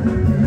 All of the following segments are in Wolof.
Thank you.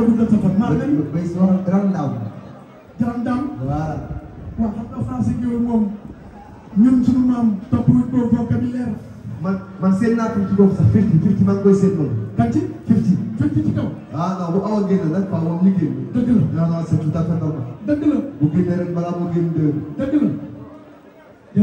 yàlla guddal sa fan. maa ngi bay si wax moom ñun suñu maam topp nañ ko vocabulaire. man man seen naa tuuti boobu sax fifty fifty maa ngi seet noonu. kan ci fifty. fifty ci kaw. ah non bu awa génn nag faaw moom liggéey. dëgg la non non c'est tout à fait normal. dëgg la bu génnee rek balaa moo génn dëgg la